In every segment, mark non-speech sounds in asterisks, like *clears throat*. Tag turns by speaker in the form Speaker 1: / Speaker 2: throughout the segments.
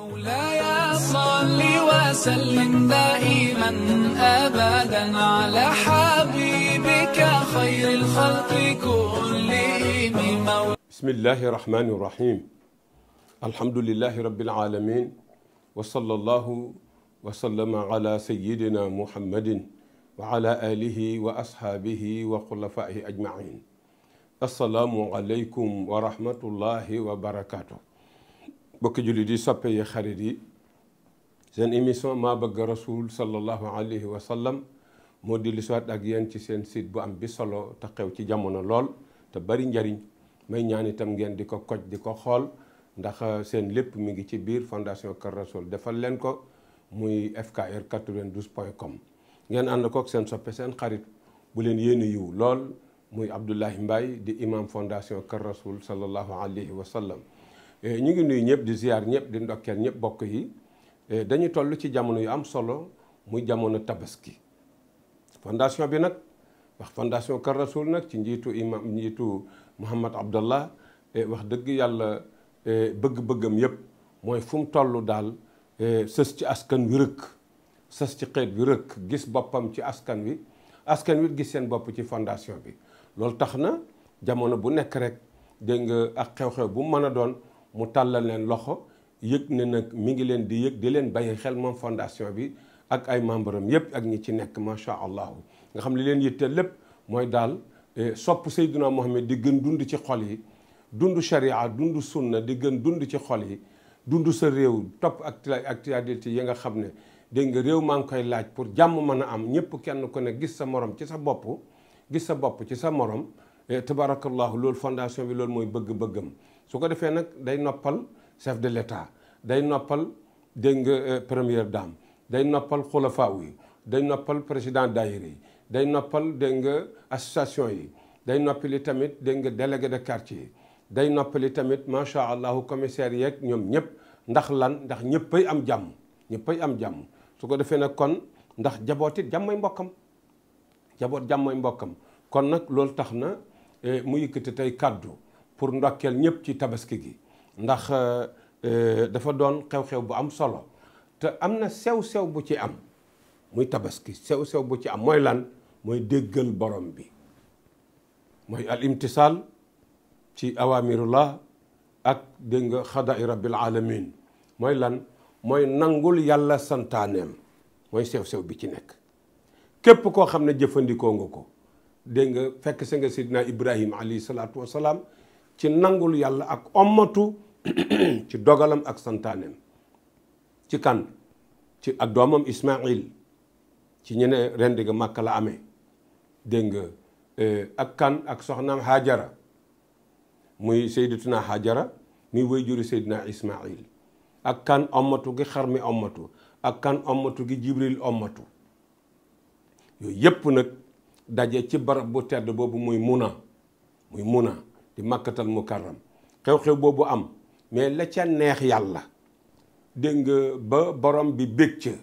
Speaker 1: مولاي صل وسلم دائما ابدا على حبيبك خير الخلق كلهم بسم الله الرحمن الرحيم الحمد لله رب العالمين وصلى الله وسلم على سيدنا محمد وعلى اله واصحابه وخلفائه اجمعين السلام عليكم ورحمه الله وبركاته bokki jullit di soppe yi xarit yi seen émission maa bëgg rasul sallallahu alayhi wa sallam moo di lisuwaat ak yéen ci seen site bu am bi solo te xew ci jamono lool te bari njariñ may ñaan itam ngeen di ko koj di ko xool ndax euh, seen lépp mu ngi ci biir fondation Kër Rasoul defal leen ko muy fkr 92 point com ngeen ànd kook seen soppe seen xarit bu leen yéene yiw lool muy Abdoulahi Mbaye di imam fondation Kër Rasoul sallallahu alayhi wa sallam Eh, ñu ngi nuyu ñëpp di ziar ñëpp di ndokkeel ñëpp bokk yi eh, dañu toll ci jamono yu am solo muy jamono tabaski fondation bi nag wax fondation Kër Rasoul nag ci njiitu imam njiitu Mouhamad Abdallah eh, wax dëgg yàlla bëgg-bëggam yëpp mooy fu mu toll daal sës ci askan wi rëkk sës ci xeet wi rëkk gis boppam ci askan wi askan wi gis seen bopp ci fondation bi loolu tax na jamono bu nekk rek dégg nga ak xew-xew bu mën a doon mu tàllal leen loxo yëg ne nag mi ngi leen di yëg di leen bay xel moom fondation bi ak ay membre am yëpp ak ñi ci nekk macha allah nga xam li leen yitte lépp mooy daal eh, sopp Seydina Mohamed di gën dund ci xol yi dund sharia dund sunna di gën dund ci xol yi dund sa réew topp ak ak actualité yi nga xam ne dégg nga réew maa ngi koy laaj pour jàmm mën a am ñëpp kenn ku ne gis sa morom ci sa bopp gis sa bopp ci sa morom eh, tabarakallahu loolu fondation bi loolu mooy bëgg-bëggam su ko defee nag day noppal chef de l'État day noppal dégg nga euh, première dame day noppal xulafaa yi day noppal président daayira yi day noppal dégg nga association yi day noppali tamit dégg nga délégué de quartier day noppali tamit macha allahu commissaire yeeg ñoom ñëpp ndax lan ndax ñëppay am jàmm ñëppay am jàmm su ko defee nag kon ndax jaboot it jàmmay mbokkam jaboot jàmmay mbokkam kon nag loolu tax na euh, mu yëkkati tey kàddu pour ndokkeel ñëpp ci tabaski gi ndax euh, euh, dafa doon xew-xew bu am solo te am na sew-sew bu ci am muy tabaski sew-sew bu ci am mooy lan mooy déggal borom bi mooy al imtisaal ci awamirullah ak dégg nga xadaai rabbil alamin mooy lan mooy nangul yàlla santaaneem mooy sew-sew bi ci nekk képp koo xam ne jëfandikoo nga ko dégg nga fekk sa nga seydina ibrahim alayhi salaatu wasalaam ci nangul yàlla ak ommatu ci dogalam ak santaaneem ci kan ci ak doomam Ismaïl ci ñu ne rendi ga Màkka la amee dégg nga eh, ak kan ak soxnaam Haajara muy Seydatuna Haajara muy way juri Seydina Ismaïl ak kan ommatu gi xar mi ommatu ak kan ommatu gi Jibril ommatu yooyu yépp nag daje ci barab bu tedd boobu muy Muna muy Muna di makkatal mukarram xew-xew boobu am mais la ca neex yàlla dégg nga ba borom bi bég ca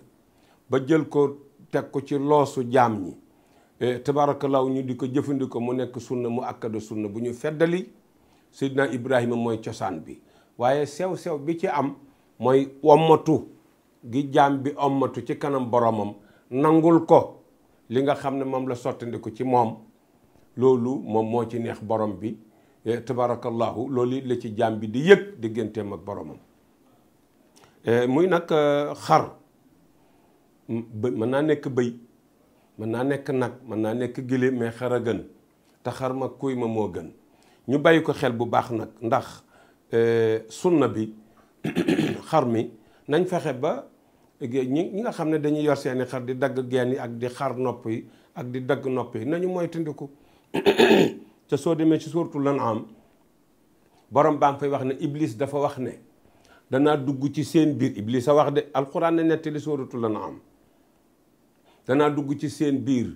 Speaker 1: ba jël ko teg ko ci loosu jaam ñi eh, tabaarakallaahu ñu di ko jëfandikoo mu nekk sunna mu akkada sunna bu ñu feddali seydina ibrahima mooy cosaan bi waaye sew-sew bi ci am mooy ommatu gi jaam bi ommatu ci kanam boromam nangul ko li nga xam ne moom la sottandiku ci moom loolu moom moo ci neex borom bi Eh, tabarakallahu loolu la ci jaam bi di yëg digganteem ak boromam eh, muy nag eh, xar mën naa nekk bëy mën naa nekk nag mën naa nekk giléem mais xar a gën te xar ma kuy ma moo gën ñu bàyyi ko xel bu baax nag ndax sunna bi *coughs* xar mi nañ fexe ba ñi ñi nga xam ne dañuy yor seeni xar di dagg geen yi ak di xar nopp yi ak di dagg nopp yi nañu moytandiku *coughs* ca soo demee ci suuratul An'am borom baa ngi fay wax ne Iblis dafa wax ne danaa dugg ci seen biir Iblis a wax de alxuraan na nettali suuratul am danaa dugg ci seen biir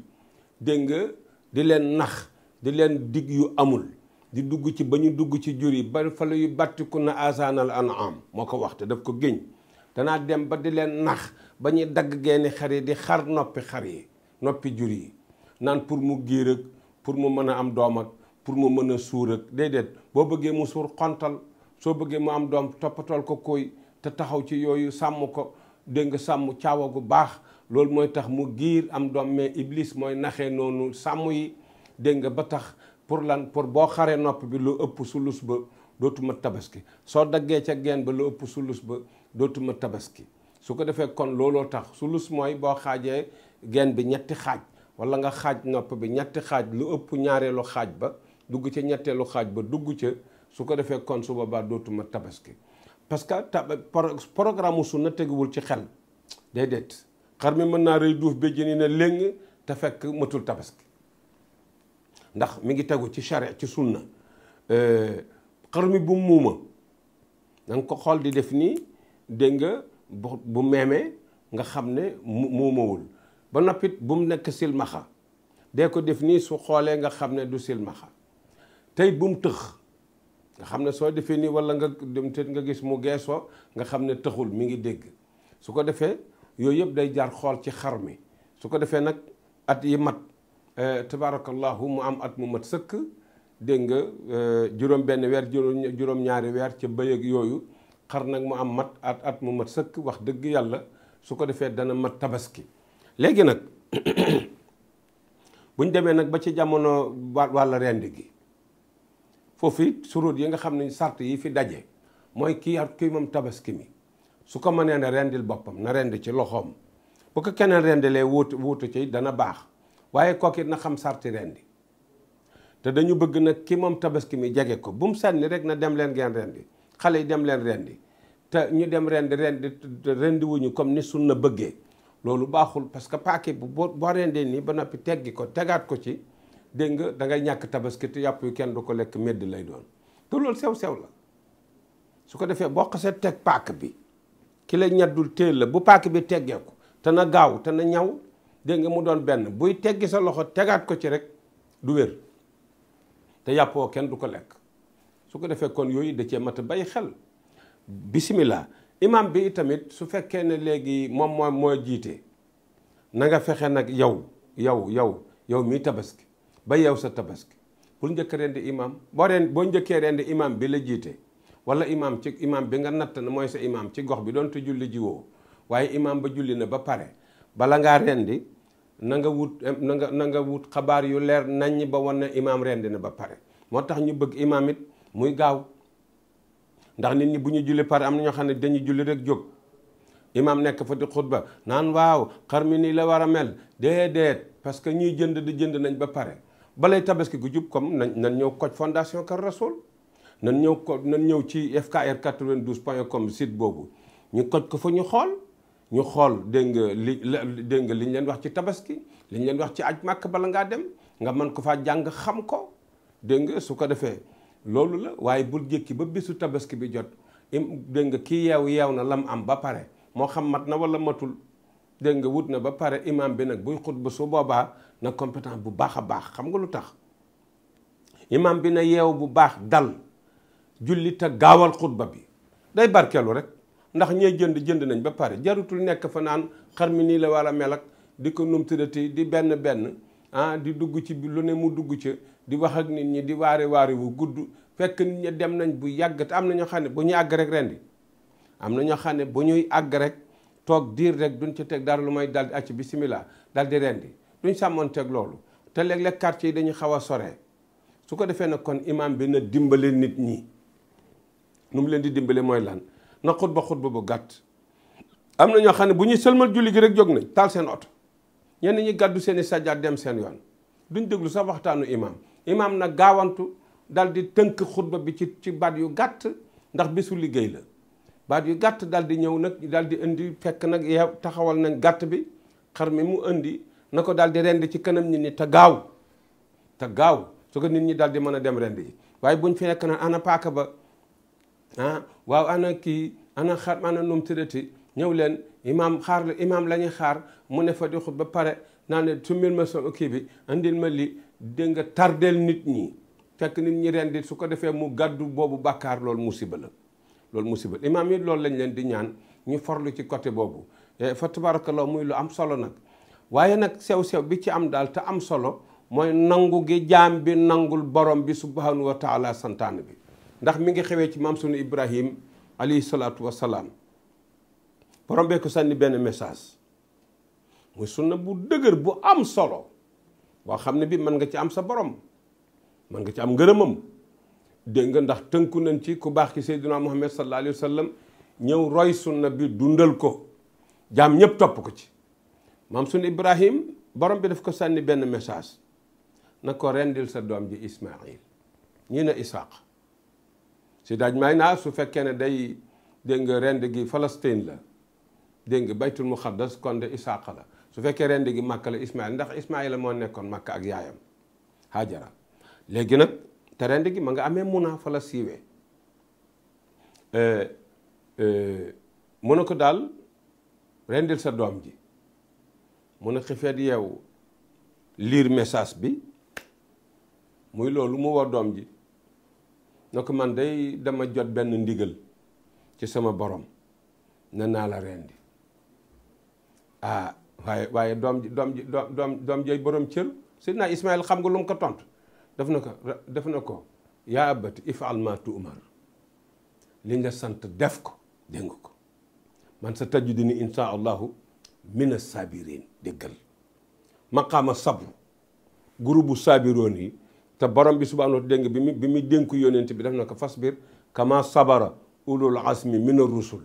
Speaker 1: dégg nga di leen nax di leen dig yu amul di dugg ci ba ñu dugg ci jur yi ba fa la yu bàttiku na asaanal an'am moo ko wax te daf ko géñ danaa dem ba di leen nax ba ñuy dagg geeni xar yi di xar noppi xar yi noppi jur yi naan pour mu giir ak pour mu mën a am doom pour mu mën a suur déedéet boo bëggee mu suur xontal soo bëggee mu am doom toppatool ko koy te taxaw ci yooyu sàmm ko dégg nga sàmm caawa gu baax loolu mooy tax mu giir am doom mais iblis mooy naxee noonu sàmm yi dégg nga ba tax pour lan pour boo xaree nopp bi lu ëpp sulus ba dootuma tabaski soo daggee ca geen ba lu ëpp sulus ba dootuma tabaski su ko defee kon looloo tax sulus mooy boo xaajee geen bi ñetti xaaj wala nga xaaj nopp bi ñetti xaaj lu ëpp ñaareelu xaaj ba dugg ca ñetteelu xaaj ba dugg ca su ko defee kon su boobaa dootuma tabaski parce que programme su na teguwul ci xel déedéet xar mi mën naa rëy duuf ba jëni na léng te fekk matul tabaski ndax mi ngi tegu ci charia ci sunna euh, xar mi bu muuma danga ko xool di def nii dégg nga bu meemee nga xam ne muumawul ba noppit bu mu nekk silmaxa dee ko def nii su xoolee nga xam ne du silmaxa tey bu mu tëx nga xam ne soo defee nii wala nga dem te nga gis mu geesoo nga xam ne tëxul mi ngi dégg su ko defee yooyu yëpp day jaar xool ci xar mi su ko defee nag at yi mat eh, tabarakallahu mu am at mu mat sëkk dégg nga eh, juróom benn weer juróom weer ca yooyu xar nag mu am mat at at mu mat sëkk wax dëgg yàlla su ko defee dana mat tabaski léegi nag *clears throat* buñ demee nag ba ci jamono wàll rend gi foofu it yi nga xam ne sart yi fi daje mooy kii ak kii moom tabaski mi su ko mënee na rendil boppam na rend ci loxoom bu ko keneen rendilee wuutu wuutu ci dana baax waaye kooku na xam sarti rendi te dañu bëgg nag kii moom tabaski mi jege ko bu mu sànni rek na dem leen ngeen rendi xale yi dem leen rendi te ñu dem rendi rendi rendi wuñu comme ni suñ na bëggee loolu baaxul parce que paquet bu boo rendee nii ba noppi teggi ko tegaat ko ci dégg nga da ñàkk tabaski te yàpp yu kenn du ko lekk meddi lay doon te loolu sew-sew la su ko defee boo xasee teg paaka bi ki la ñaddul téel la bu paak bi teggeeku te na gaaw te na ñaw dégg nga mu doon benn buy teggi sa loxo tegaat ko ci rek du wér te yàppoo kenn du ko lekk su ko defee kon yooyu da cee mat a bàyyi xel bisimilah imam bi tamit su fekkee ne léegi moom mooy moo jiite na nga fexe nag yow yow yow yow mii tabaski ba yeew sa tabaski pour njëkk rendi imam boo reen boo njëkkee rendi imam bi la jiite wala imaam ci imam bi nga natt na mooy sa imaam ci gox bi doonte julli jiwoo waaye imam ba julli na ba pare bala ngaa rendi nanga wut nanga wut xabaar yu leer nañ ba wan na imaam rendi na ba pare moo tax ñu bëgg imaam muy gaaw ndax nit ñi bu ñu julli pare am na ñoo xam ne dañuy julli rek jóg imaam nekk fa di xutba naan waaw xar mi nii la war a mel déedéet parce que ñuy jënd di jënd nañ ba pare balay tabaski gu jub comme nañ nañ ñëw koj fondation Kër Rasoul nañ ñëw ko nañ ñëw ci fkr 92 point comme site boobu ñu koj ko fa ñu xool ñu xool dégg nga li dégg nga li ñu leen wax ci tabaski li ñu leen wax ci aj màkk bala ngaa dem nga mën ko faa jàng xam ko dégg nga su ko defee loolu la waaye bul jékki ba bésu tabaski bi jot dégg nga kii yeew yeew na lam am ba pare moo xam mat na wala matul dégg nga wut na ba pare imam bi nag buy ba su boobaa na compétent bu baax a baax xam nga lu tax imam bi na yeew bu baax dal julli te gaawal xutba bi day barkelu rek ndax ñee jënd jënd nañ ba pare jarutul nekk fanaan xar mi nii la wala mel ak di ko numtudati di benn benn ah di dugg ci lu ne mu dugg ci di wax nit ñi di waare waare wu gudd fekk nit ñi dem nañ bu yàgg te am na ñoo xam ne bu ñu àgg rek rendi am na ñoo xam ne bu ñuy àgg rek toog diir rek duñ ci teg dara lu may dal di acc bisimilah dal di rendi duñ teg loolu te léeg-léeg quartier yi dañu xaw a sore su ko defee nag kon imam bi na dimbale nit ñi nu mu leen di dimbale mooy lan na xutba xutba bu gàtt am na ñoo xam ne bu ñuy sëlmal julli gi rek jóg nañ taal seen oto ñenn ñi gàddu seen i sajjaat dem seen yoon duñ déglu sax waxtaanu imam imaam nag gaawantu dal di tënk xutba bi ci ci baat yu gàtt ndax bésu liggéey la baat yu gàtt dal di ñëw nag dal di indi fekk nag yeew taxawal nañ gàtt bi xar mi mu indi na ko daal di rend ci kanam nit ñi te gaaw te gaaw su ko nit ñi daal di mën a dem rend yi waaye buñ fi nekk naan ana paaka ba ah, waaw ana kii ana xar ana ñëw leen imaam xaar la imaam la xaar mu ne fa di xut ba pare naa ne tummil ma solo kii bi andil ma li dégg nga tardeel nit ñi fekk nit ñi rendi su ko defee mu gàddu boobu bàkkaar loolu musiba la loolu musiba imaam yi loolu lañ leen di ñaan ñu forlu ci côté boobu eh, fa tabarakallah muy lu am solo nag waaye nag sew-sew bi ci am daal te am solo mooy nangu gi jaam bi nangul borom bi subhanahu wa taala santaane bi ndax mi ngi xewee ci maam sunu ibrahim alayhi salaatu wasalaam borom bee ko sànni benn message muy sunna bu dëgër bu am solo boo xam ne bi mën nga ci am sa borom mën nga ci am ngërëmam dégg nga ndax tënku nañ ci ku baax ki sayyidina muhammad sallallahu alayhi wa ñëw roy sunna bi dundal ko jaam ñëpp topp ko ci maam suñu Ibrahim borom bi daf ko sànni benn message na ko rendil sa doom ji Ismaïl ñii ne Isaaq si daaj may naa su fekkee ne day dégg nga rend gi Palestine la dégg nga baytul muqaddas kon de Isaaq la su fekkee rend gi Makka la Ismaïl ndax Ismaïl la moo nekkoon Makka ak yaayam Hajara léegi nag te rend gi ma nga amee Muna fa la siiwee euh, euh, mu ne ko daal rendil sa doom ji mu ne xifeet yeewu lire message bi muy loolu mu war doom ji na ko man day dama jot benn ndigal ci sama borom ne naa la rendi ah waaye waaye doom ji doom ji doom doom jooy borom cër sidna Ismaïl xam nga lu mu ko tontu def na ko def na ko yaa abati ifal ma tu'mar liñ la sant def ko dégg ko man sa tajiduni insha allahu mina sabirin déggal maqaama sabru gurubu saabiroon yi te borom bi subhaanahu wa taala dégg bi mi bi mu dénku yónent bi def na ko fasbir kama sabara ulul asmi min ar-rusul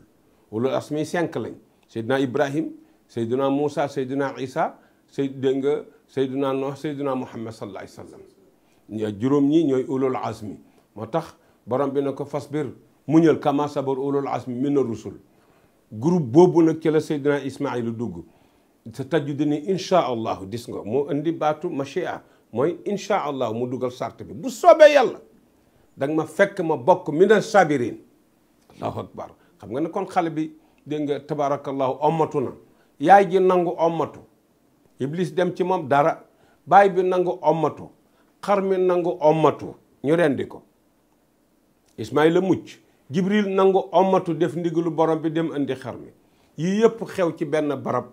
Speaker 1: ulul asmi cinq lañ seydina ibrahim seydina moussa seydina isa seyd dégg nga seydina nuh seydina muhammad sallallahu alayhi wa sallam juróom ñi ñooy ulul asmi moo tax borom bi na ko fasbir muñal kama sabara ulul asmi min ar-rusul groupe boobu nag ci la seydina ismaila dugg te tajjudi ni incha allahu dis nga moo indi baatu machia mooy incha allahu mu dugal sart bi bu soobee yàlla danga ma fekk ma bokk mina sabirin allahu akbar xam nga ne kon xale bi dégg nga tabaarakallahu ommatu na yaay ji nangu ommatu iblis dem ci moom dara baay bi nangu ommatu xar mi nangu ommatu ñu rendi ko ismaila mucc jibril nangu ommatu def ndigalu borom bi dem indi xar mi yii yëpp xew ci benn barab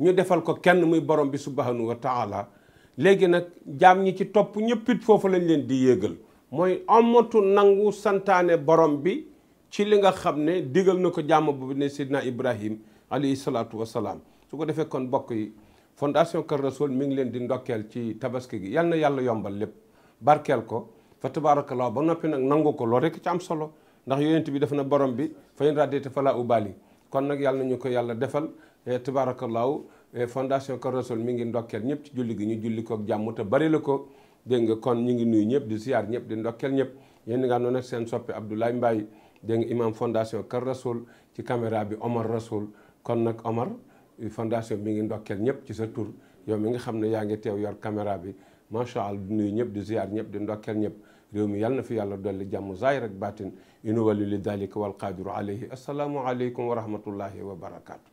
Speaker 1: ñu defal ko kenn muy borom bi subhanahu wa taala léegi nag jaam ñi ci topp ñëpp it foofu lañ leen di yéegal mooy amatu nangu santaane borom bi ci li nga xam ne digal na ko jàmm bu ne Seydina Ibrahim alayhi salaatu wa salaam su ko defee kon yi fondation Kër Rasoul mi ngi leen di ndokkeel ci tabaski gi yal na yàlla yombal lépp barkeel ko fa tabaarakallaa ba noppi nag nangu ko loolu rekk ci am solo ndax yonent bi def na borom bi fa in fa fala ubali kon nag yàlla nañu ko yàlla defal Eh, tabaarakallaahu eh, fondation Kër Rassoul mi ngi ndokkeel ñëpp ci julli gi ñu julli ko bari la ko dégg kon ñu ngi nuyu ñëpp di ziar ñëpp di ndokkeel ñëpp yéen nga noonu nag seen soppi Abdoulaye Mbaye dégg nga imam fondation Kër Rassoul ci caméra bi Omar Rassoul kon nag Omar eh, fondation mi ngi ndokkeel ñëpp ci sa tur yow mi nga xam ne yaa ngi teew yor caméra bi macha allah di nuyu ñëpp di ziar ñëpp di ndokkeel ñëpp réew mi yàlla na fi yàlla dolli jàmm zaahir ak baatin inu wali li dalika wal qaadiru alayhi asalaamu aleykum wa rahmatullahi wa barakaatu.